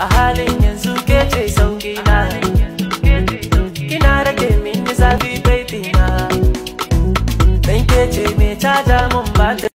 a halin yanzu ke ce sauki na kina rage mini zafi baby na dan ke ce me ta mun ba